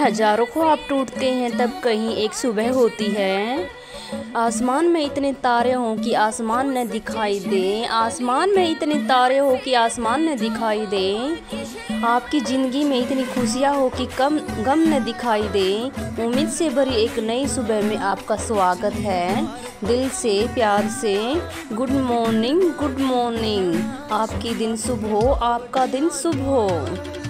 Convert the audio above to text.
हजारों को आप टूटते हैं तब कहीं एक सुबह होती है आसमान में इतने तारे हों कि आसमान न दिखाई दे आसमान में इतने तारे हो कि आसमान न दिखाई दे आपकी ज़िंदगी में इतनी खुशियाँ हो कि कम गम न दिखाई दे उम्मीद से भरी एक नई सुबह में आपका स्वागत है दिल से प्यार से गुड मॉर्निंग गुड मॉर्निंग आपकी दिन शुभ हो आपका दिन शुभ हो